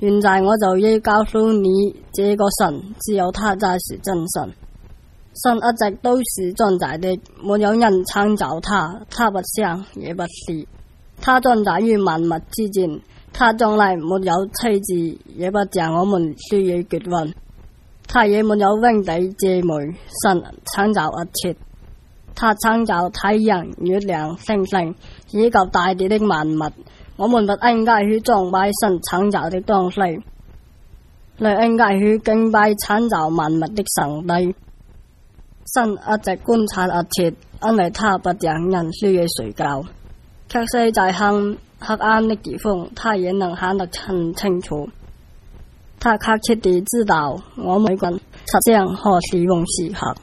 現在我就要告訴你，這個神只有他才是真神，神一直都是存在的，沒有人創造他，他不生也不死，他存在於萬物之間，他從來沒有妻子，也不像我們需要結婚，他也沒有兄弟姐妹，神創造一切，他創造太陽、月亮、星星以及大地的萬物。我們不應該去崇拜神創造的東西，嚟應該去敬拜創造萬物的上帝。神一直觀察一切，因為他不像人需要睡覺，即使在很黑暗的地方，他也能看得很清楚。他確切地知道我們講發生何時、用時刻，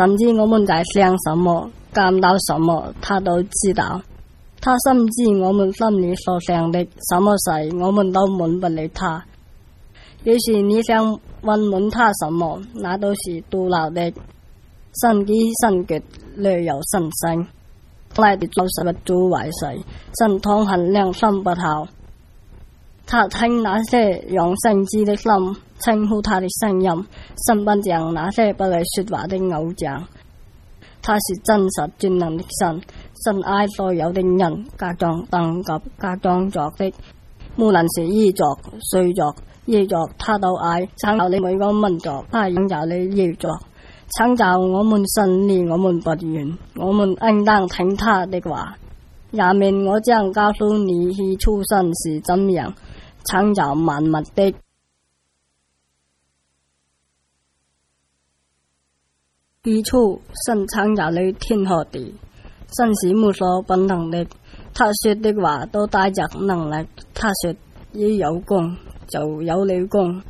甚至我們在想什麼、感到什麼，他都知道。他深知我們心裏所想的什麼事，我們都瞞不了他。要是你想問問他什麼，那都是徒勞的。生機神、神絕，略有神聖，拉的做善嘅做壞事，神痛恨良心不孝。他聽那些用聖智的心稱呼他的聲音，神不像那些不會說話的偶像，他是真實全能的神。神愛所有的人，各種等級各種族的，無論是衣着、睡着、衣着，他都愛。創造你每個民族，他創造你衣着。創造我們信念，我們不怨，我們應當聽他的話。下面我將告訴你，起初神是怎樣創造萬物的。起初，神創造你天和地。神是無所不能的，他說的話都帶着能力。他說：要有光，就有了光。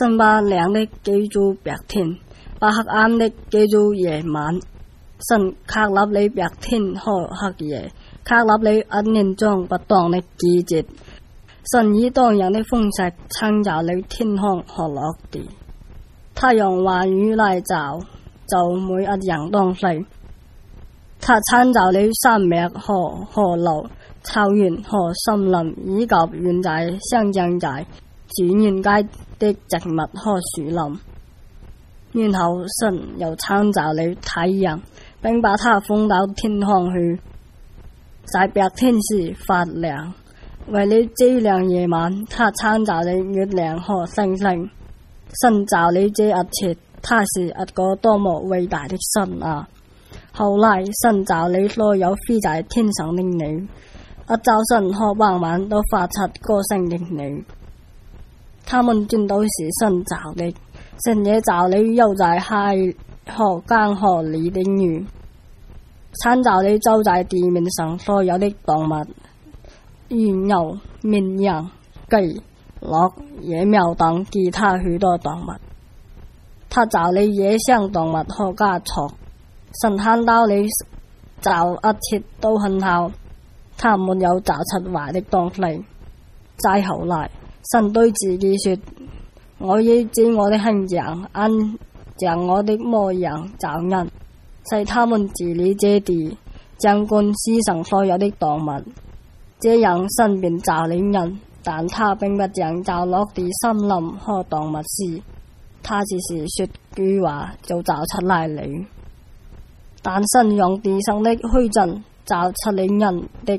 神把亮的叫做白天，把黑暗的叫做夜晚。神確立你白天和黑夜，確立你一年中不同的季節。神以太陽的風勢，撐造你天空和落地。他用話語來造，就每一樣東西。他參照了山脈、河河流、草原和森林，以及遠在湘江、在自然界的植物和樹林。然後神又參照了太陽，並把它放到天空去，在白天時發亮。為了照亮夜晚，他參照了月亮和星星，神造了這一切。他是一個多麼偉大的神啊！後來神造了所有飛在天上的鳥，一早晨和傍晚都發出歌聲的鳥。他們全都是神造的，神也造了游在海河江河裏的魚，神造了走在,在地面上所有的動物，如牛、綿羊、雞、鹿、野貓等其他許多動物。它造了野生動物和家畜。神看到你鑿一切都很好，他沒有找出壞的東西。再後來，神對自己說：我要照我的形象，按着我的模樣找人，使他們治理這地，掌管世上所有的動物。這樣神便找了人，但他並不像找落地森林和動物時，他只是說句話就找出來了。但神用地上的灰塵造出了人的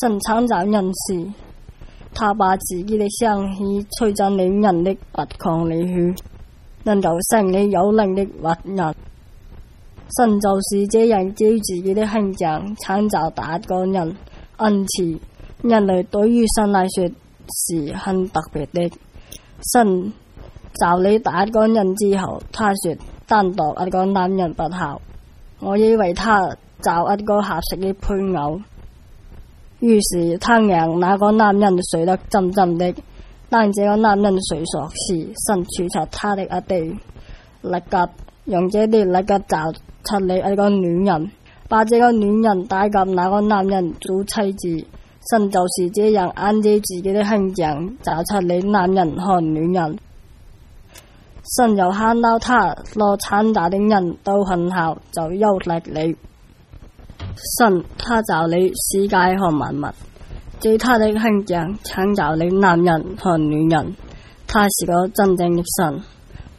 身，神參照人時，他把自己的生氣吹進了人的鼻孔裏去，能夠成你有靈的活人。神就是這樣將自己的形象參照打一個人恩賜人類。對於神來說是很特別的。神造你打一個人之後，他說：單獨一個男人不好。」我以為他找一個合適的配偶，於是她讓那個男人睡得沉沉的，但這個男人睡熟時，身處在他的一地，立即用這啲立即找出你一個女人，把這個女人帶給那個男人做妻子，神就是這樣按照自己的形象找出你男人和女人。神又看到他所產下的人都很好，就休息你。神他罩你世界和萬物，對他的形象產造了男人和女人。他是個真正的神，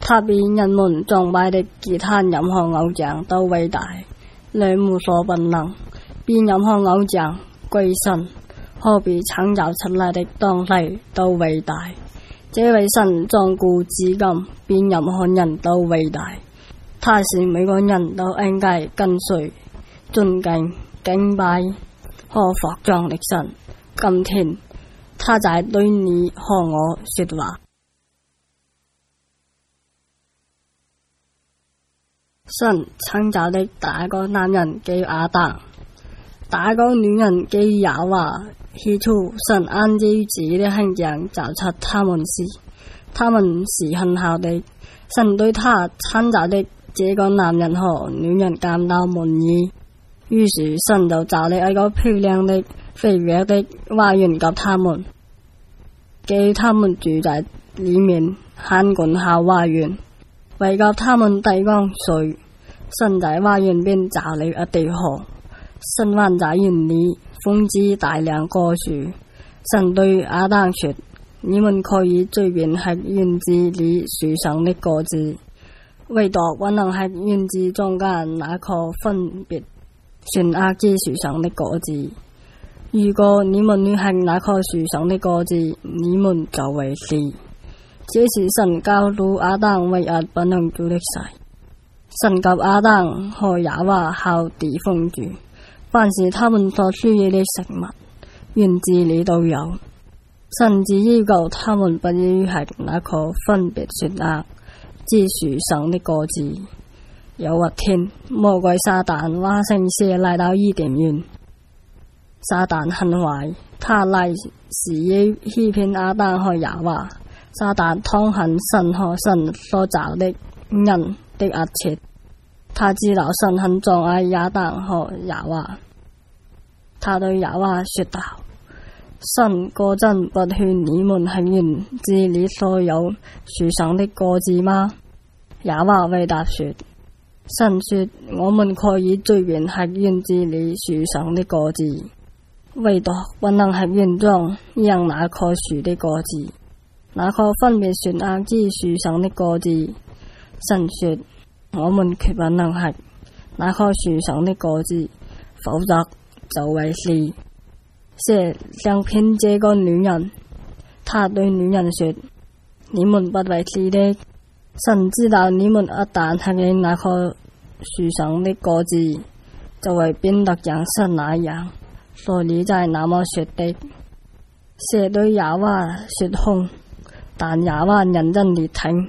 他比人們崇拜的其他任何偶像都偉大，你無所不能，比任何偶像、鬼神何必產造出來的東西都偉大。這位神從古至今，比任何人都偉大。他是每個人都應該跟隨、尊敬、敬拜、和服從的神。今天，他就在對你和我說話。神創造的第一個男人叫亞當。打個女人既也話，起初神安置自己的形象，造出他們時，他們是很好的。神對他參雜的這個男人和女人感到滿意，於是神就造了一個漂亮的肥沃的花園給他們，給他們住在裏面，看管下花園，為給他們提供水。神在花園邊造了一地河。神還在園裏放置大量果樹，神對亞當說：你們可以隨便吃園子裏樹上的果子，唯獨不能吃園子中間那棵分別善惡之樹上的果子。如果你們吃那棵樹上的果子，你們就會死。這是神告訴亞當唯一不能做的事。神給亞當和亞娃好地封住。凡是他們所需要的食物，園子裏都有。甚至依舊他們不於係那個分別說崖知樹上的果子。有一天，魔鬼撒旦化身蛇來到伊甸園。撒旦很壞，他嚟是要欺騙阿丹去撒話。撒旦湯恨神和神所找的人的一切。他知道神很鍾愛、啊、亞當和亞娃。他對亞娃說道：神果真不勸你們杏園子裏所有樹上的果子嗎？亞娃回答說：神說我們可以隨便喺園子裏樹上的果子，唯獨不能喺園中扔那棵樹的果子，那棵分別樹阿枝樹上的果子。神說。我們卻不能吃那棵樹上的果子，否則就會死。蛇想騙這個女人，他對女人說：你們不會死的，神知道你們一旦吃了那棵樹上的果子，就會變得像神那樣。所以就係那麼說的。蛇對啞娃說空，但啞娃認真地聽。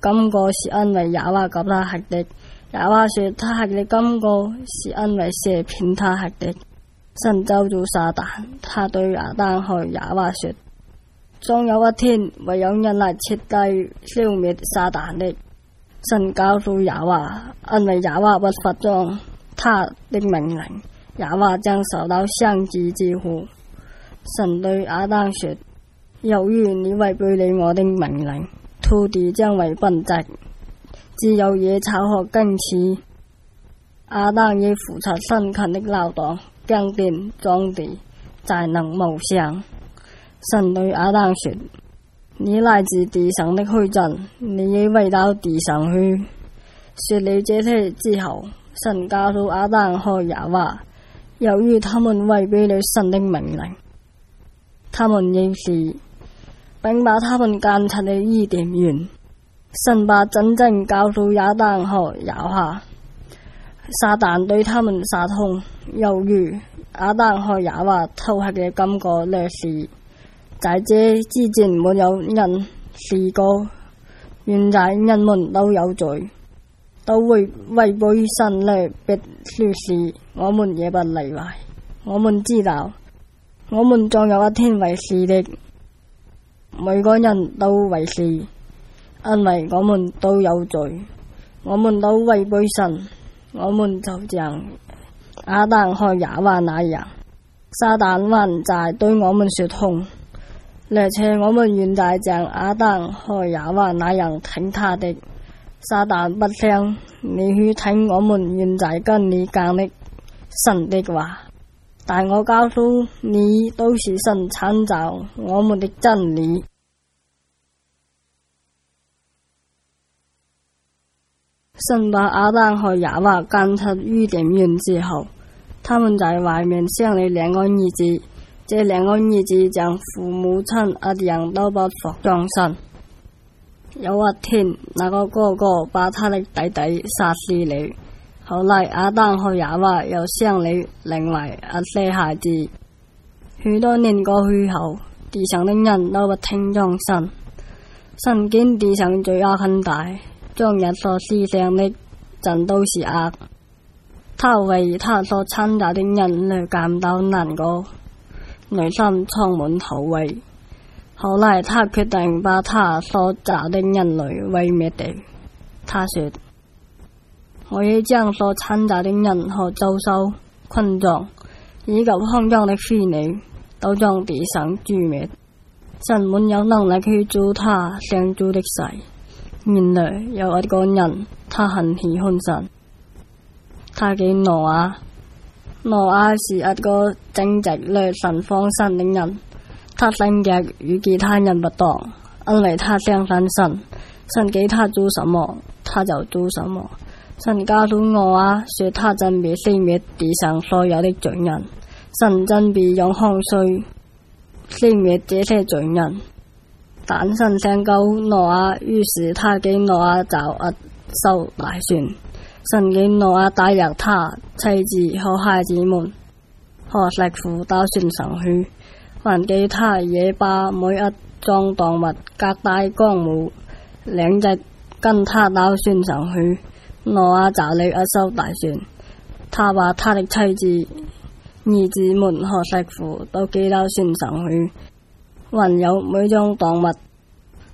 今個是因為亞華給他吃的，亞華說他吃的，今個是因為蛇騙他吃的。神咒住撒旦，他對亞當和亞華說：終有一天會有人來徹底消滅撒旦的。神告訴亞華，因為亞華不服從他的命令，亞華將受到生殖之苦。神對亞當說：由於你違背了我的命令。土地將為貧瘠，只有野草和荊棘。亞當要付出辛勤的勞動，耕田、種地，才能謀生。神對亞當說：你來自地上的灰塵，你要回到地上去。說了這些之後，神告訴亞當和亞娃，由於他們違背了神的命令，他們應是。並把他們趕出了伊甸園，神把真正告訴亞當和亞華，撒旦對他們撒通，猶如亞當和亞華偷吃嘅今個歷史，在這之前沒有人試過，現在人們都有罪，都會違背神的必說事，我們也不例外。我們知道，我們總有一天為是的。每個人都為事，因為我們都有罪，我們都違背神，我們就像亞當和亞華那樣，撒旦還在對我們說痛，而且我們現在像亞當和亞華那樣聽他的，撒旦不想你去聽我們現在跟你講的神的話。但我告訴你，都是神創造我們的真理。神把亞當和夏娃趕出伊甸園之後，他們在外面生了兩個兒子，這兩個兒子像父母親一樣都不服從神。有一天，那個哥哥把他的弟弟殺死了。後來，亞當和亞娃又生了另外一些、啊、孩子。許多年過去後，地上的人都不聽從神，神見地上罪惡很大，將人所思想的盡都是惡，他為他所親打的人類感到難過，內心充滿後悔。後來，他決定把他所打的人類毀滅掉。他說。我要將所摻雜的人和走獸昆蟲，以及空中的飛鳥，都將地上除滅。神滿有能力去做他想做的事。原來有一個人，他很喜歡神。他叫諾亞，諾亞是一個正直略神放心的人。他性格與其他人不同，因為他相信神，神給他做什麼，他就做什麼。神告訴諾亞，說他準備消滅地上所有的罪人。神準備用洪水消滅這些罪人，但神想救諾亞，於是他給諾亞找一艘大船，神給諾亞帶入他妻子和孩子們，和媳婦到船上去，還叫他也把每一種動物各帶公母兩隻跟他到船上去。我啊，找了一艘大船，他把他的妻子、兒子們和媳婦都寄到船上去，還有每種動物，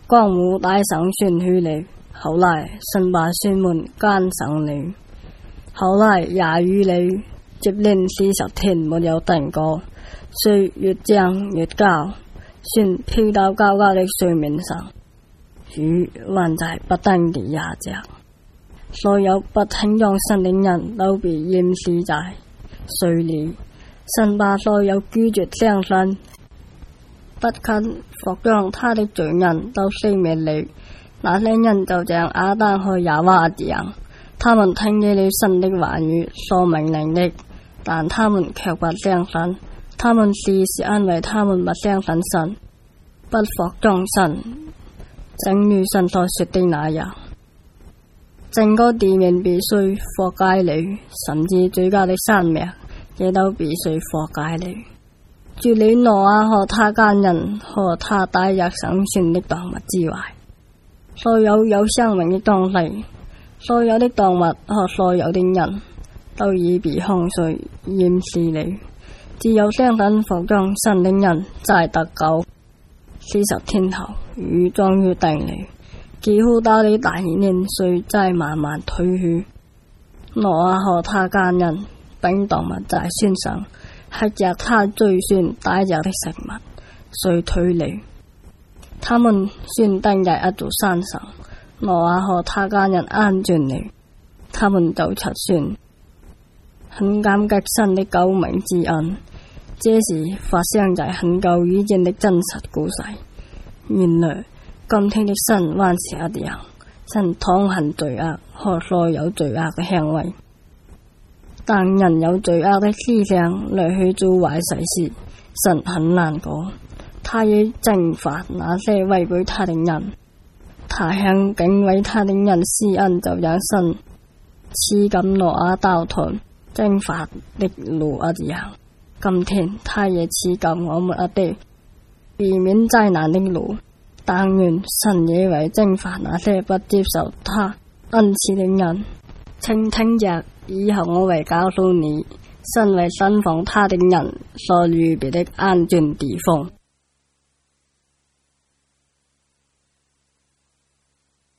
江武帶上船去了。後來先把船門關上了，後來也與你接連四十天沒有停過，水越漲越高，船飄到高高的水面上，雨還在不停地下着。所有不聽用神的人，都被淹死在水裏。神把所有拒絕相信、不肯服裝他的罪人都消滅了。那些人就像亞當和夏娃一樣，他們聽見了神的話語，受命令的，但他們卻不相信。他們死是因為他們不相信神，不服裝神，正如神所說的那樣。整個地面必須覆蓋你，甚至最高的生命，亦都必須覆蓋你。除了挪亞和他家人，和他帶入上船的動物之外，所有有生命的東西，所有的動物和所有的人都已被洪水淹死了。只有三等服裝，神的人，就齋得救，四十天後，雨終於停了。幾乎到了第二年，水再慢慢退去。挪亞和他家人，並動物在船上，吃着他祖先帶着的食物，水退了，他們先登上一座山上。挪亞和他家人安全了，他們就出船，很感激神的救命之恩。這是發生在很久以前的真實故事。原來。今天的神還是阿啲人，神痛恨罪惡，和所有罪惡嘅行為。但人有罪惡的思想嚟，去做壞事時，神很難過，他也懲罰那些違背他的人。他向敬畏他的人施恩就有，就如神賜給諾亞逃脫懲罰的路一、啊、樣。今天他也賜給我們阿啲避免災難的路。但願神也會懲罰那些不接受他恩賜的人，請聽日以後我會告訴你，身爲信奉他的人所預備的安全地方。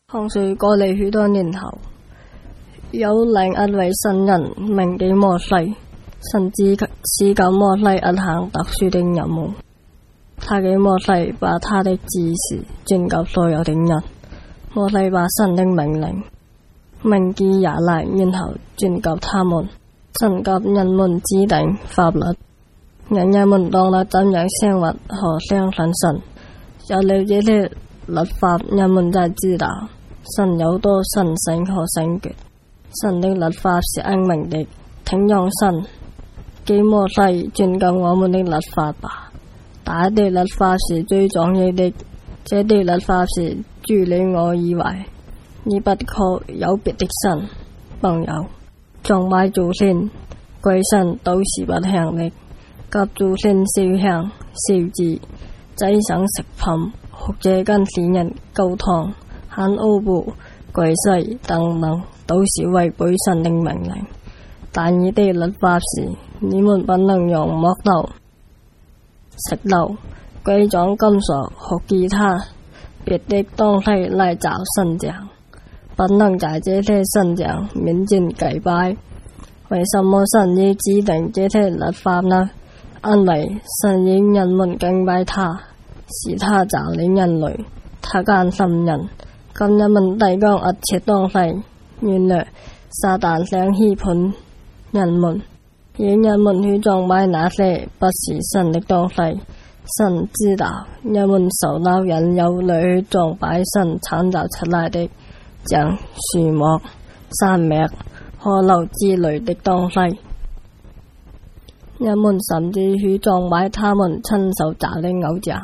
洪水 過嚟許多年後，有另一位神人名叫摩西，甚至賜給摩西執行特殊的任務。他嘅摩西把他的知識轉告所有的人。摩西把神的命令、名記也來，然後轉告他們，神給人們制定法律。人，人們當了怎樣生活，和相信神。有了這些律法，人們就知道神有多神聖可信嘅。神的律法是英明的，請用神，摩西轉告我們的律法吧。第一啲律法是最重要的，這啲律法是除了我以外，你不可有別的神。朋友，崇拜祖先、鬼神都是不行的，給祖先燒香、燒紙、祭上食品，或者跟死人溝通、喊歐布、跪西等，等，能都是違背神的命令。第二啲律法是你們不能用木頭。食料、貴重金屬和其他別的東西來找神像，不能在這些神像面前祭拜。為什麼神要指定這些律法呢？因為神要人們敬拜他，是他造了人類，他關心人，跟人們提供一切東西原。原來撒旦想欺騙人們。人們去崇拜那些不是神的東西，神知道人們受撈引誘，裏去崇拜神創造出來的像樹木、山脈、河流之類的東西。人們甚至去崇拜他們親手砸的偶像。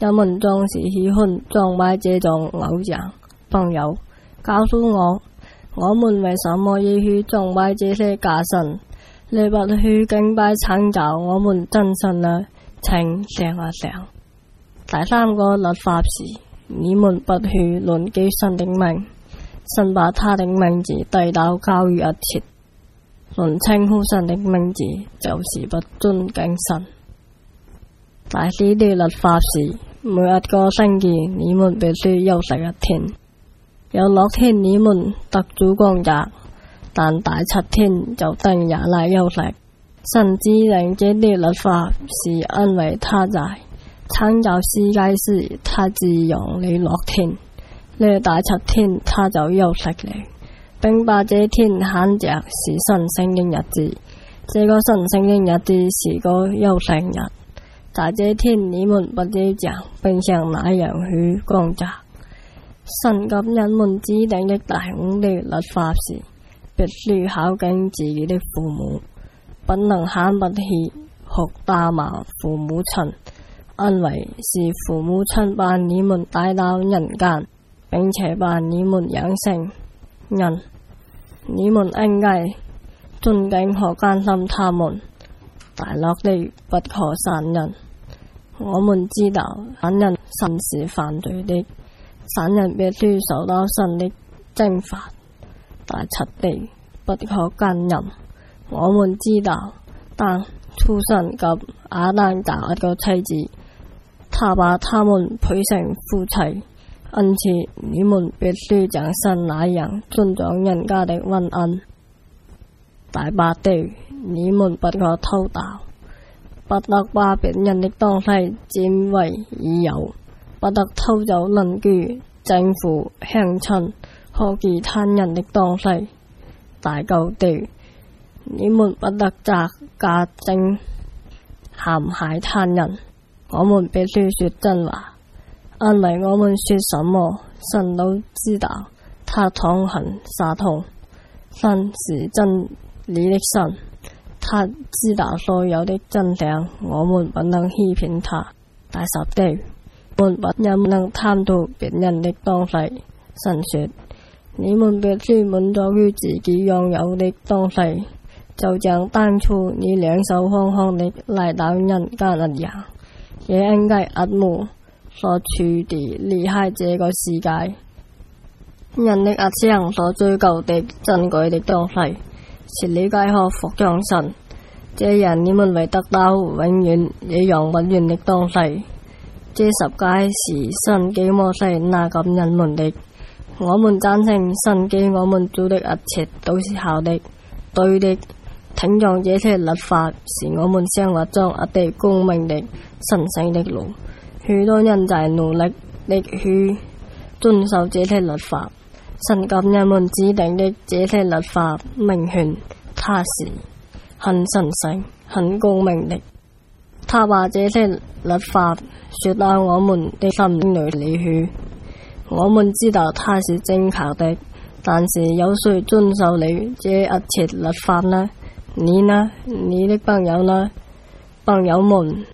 人們總是喜歡崇拜這種偶像。朋友，告訴我，我們為什麼要去崇拜這些假神？ 你不去敬拜拯救我們真神了，請醒一醒。第三個律法是，你們不去論及神的名，神把他的名字遞到交於一切，論稱呼神的名字就是不尊敬神。第四啲律法是，每一個星期你們必須休息一天，有六天你們特主工作。但第七天就定也來休息。神指定這啲律法，是因為他在創造世界時，他自用你樂天。呢個第七天，他就休息了，並把這天喊着是神聖的日子。這個神聖的日子是個休息日，在這天你們不知情着，並像那樣去工作。神給人們指定的第五啲律法是。必須孝敬自己的父母，不能慳不起學打罵父母親，因為是父母親把你們帶到人間，並且把你們養成人，你們應該尊敬和關心他們，大樂的不可散人。我們知道散人甚是犯罪的，散人必須受到神的懲罰。大七地不可奸淫，我們知道，但粗生及亞當打個妻子，他把他們配成夫妻，因此你們必須像神那樣尊重人家的恩恩。大八地，你們不可偷盜，不得把別人的東西佔為己有，不得偷走鄰居、政府、鄉親。破忌他人的東西，大夠地，你們不得摘假證陷害他人，我們必須說真話。因為，我們說什麼？神都知道，他躺行殺痛，神是真理的神，他知道所有的真相。我們不能欺騙他，大十地，我們不能貪圖別人的東西。神說。你們必須滿足於自己擁有的東西，就像當初你兩手空空地來到人間一樣，也應該一無所處地離開這個世界。人的一生所追求的珍貴的東西，是理解和服事神，這樣你們會得到永遠也用不完的東西。這十戒是神給摩西那咁人們的。我們贊成神給我們做的一切都是好的、對的。挺用這些律法是我們生活中一啲公明的、神聖的路。許多人在努力的、力去遵守這些律法。神給人們指定的這些律法明確，他是很神聖、很高明的。他把這些律法說到我們的心裏裏去。我們知道他是正確的，但是有誰遵守你這一切律法呢？你呢？你的朋友呢？朋友們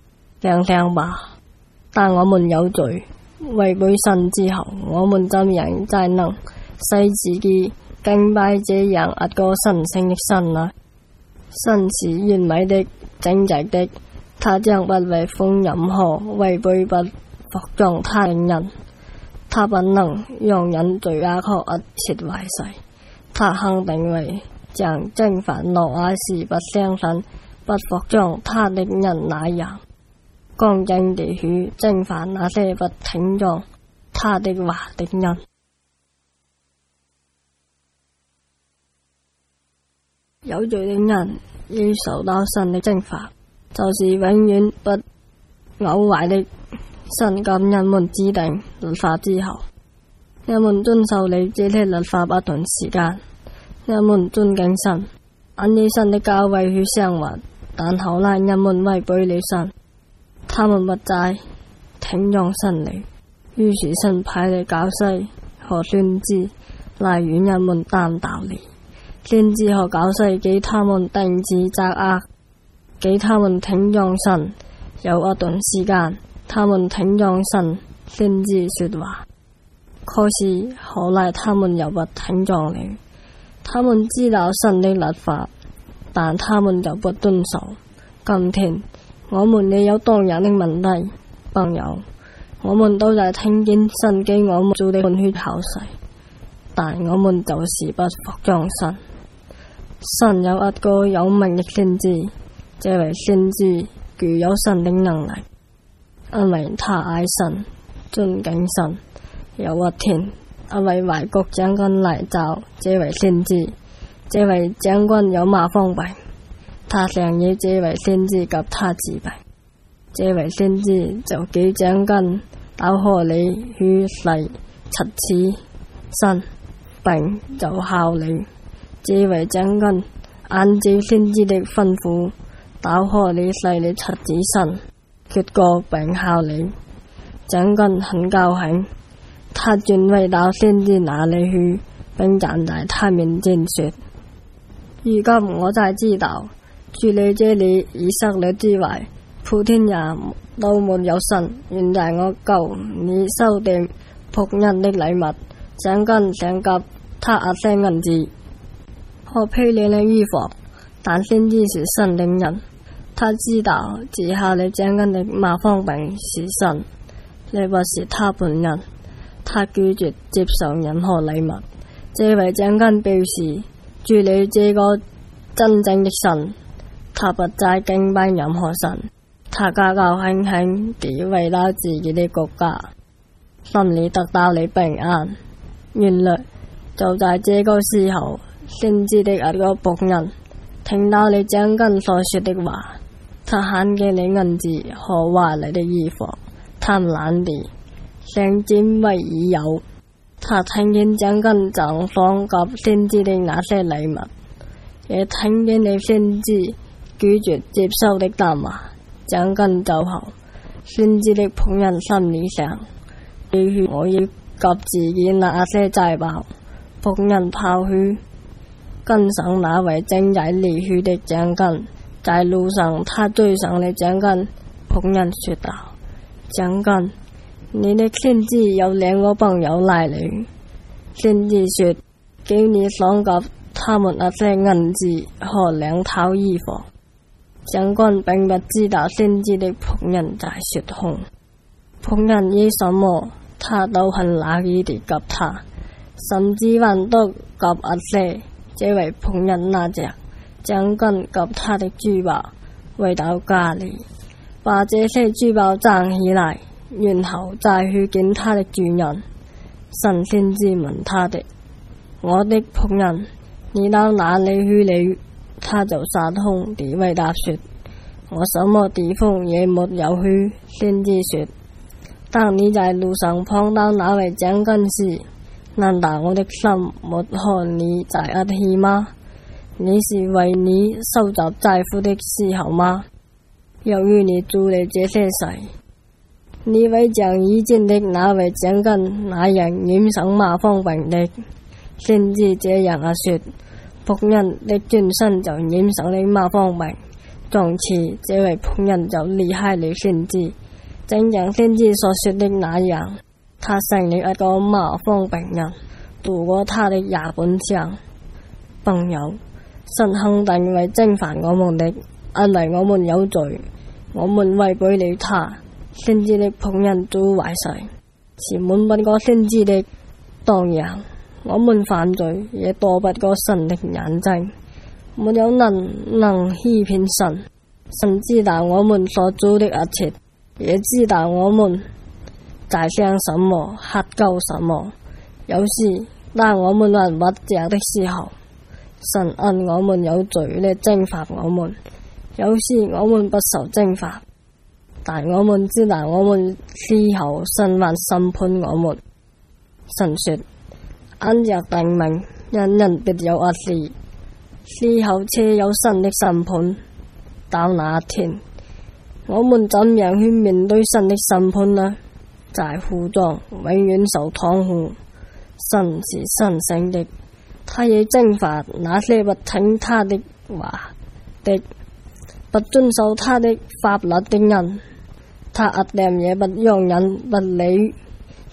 想想吧。但我們有罪，違背神之後，我們怎樣才能使自己敬拜這樣一、啊、個神聖的神呢？神是完美的、正直的，他將不違反任何違背不服從他的人。他不能容忍罪惡確一切壞事，他肯定為像懲罰諾亞是不相信不服從他的人那樣，公正地去懲罰那些不聽從他的話的人。有罪的人要受到神的懲罰，就是永遠不朽壞的。神感人們指定律法之後，人們遵守你這些律法一段時間，人們尊敬神，按着神的教誨去生活。但後來人們違背了神，他們不再挺用神理。於是神派你教西和先知來勸人們淡道理。先知和教西給他們停止責壓，給他們挺用神有一段時間。他們聽從神先知說話，可是後來他們又不聽從了。他們知道神的律法，但他們就不遵守。今天我們也有同樣的問題，朋友。我們都在聽經、神經，我們做的完全好事，但我們就是不服從神。神有一個有名的先知，這位先知，具有神的能力。因為他愛神，尊敬神。有一天，一位外國將軍嚟找這位先知，這位將軍有麻風病，他想要這位先知給他治病。這位先知就叫將軍打開你軀世七次身，病就好了。這位將軍按照先知的吩咐，打開你世嘅七次身。結果病好了，將軍很高興。他轉回到先知那裏去，並站在他面前說：如今我才知道除了你這裏以色列之外，普天也都沒有神。現在我救你，收點僕人的禮物。將軍想給他一些銀子，我披領了衣服，但先知是神領人。他知道，治下你將軍的麻方病是神，你不是他本人。他拒絕接受任何禮物。這位將軍表示，除了這個真正的神，他不再敬拜任何神。他家教輕輕地為了自己的國家，心裡得到你平安。原來就在這個時候，先知的那個僕人聽到你將軍所說的話。他看見你銀子和華麗的衣服，貪婪地想占為已有。他聽見將軍贈送給先知的那些禮物，也聽見你先知拒絕接收的答話。將軍走後，先知的僕人心裏想：也許我要給自己那些債吧。僕人跑去跟上那位正在離去的將軍。在路上，他追上了將軍，僕人說道，將軍，你的先知有兩個朋友來了，先知說叫你賞給他們那些銀子和兩套衣服。將軍並不知道先知的僕人在說謊，僕人要什麼，他都很樂意地給他，甚至還都給一些，這位僕人拿着。將軍及他的珠寶回到家裏，把這些珠寶掙起來，然後再去見他的主人。神仙之問他的：我的僕人，你到哪裏去了？你他就沙通地回答說：我什麼地方也沒有去。先知說：當你在路上碰到那位將軍時，難道我的心沒和你在一起嗎？你是為你收集財富的時候嗎？由於你做了這些事，你會像以前的那位將軍那樣染上麻風病的。先知這樣啊，說：僕人的轉身就染上了麻風病，從此這位僕人就離開了先知。正如先知所說的那樣，他成了一個麻風病人，度過他的下半生。朋友。神肯定為徵服我們的，因為我們有罪，我們違背了他，先知的捧人做壞事，前滿不過先知的蕩人，我們犯罪也躲不過神的眼睛，沒有能能欺騙神，神知道我們所做的一切，也知道我們在想什麼、乞求什麼，有時當我們還活着的時候。神恩我們有罪咧，懲罰我們；有時我們不受懲罰，但我們知道，但我們死後神還審判我們。神說：恩若定命，人人必有惡事。死後且有神的審判。到那天，我們怎樣去面對神的審判呢？在苦中永遠受痛苦，神是神聖的。他也征伐那些不聽他的話的、不遵守他的法律的人，他壓樣也不容忍不理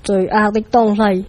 罪惡的東西。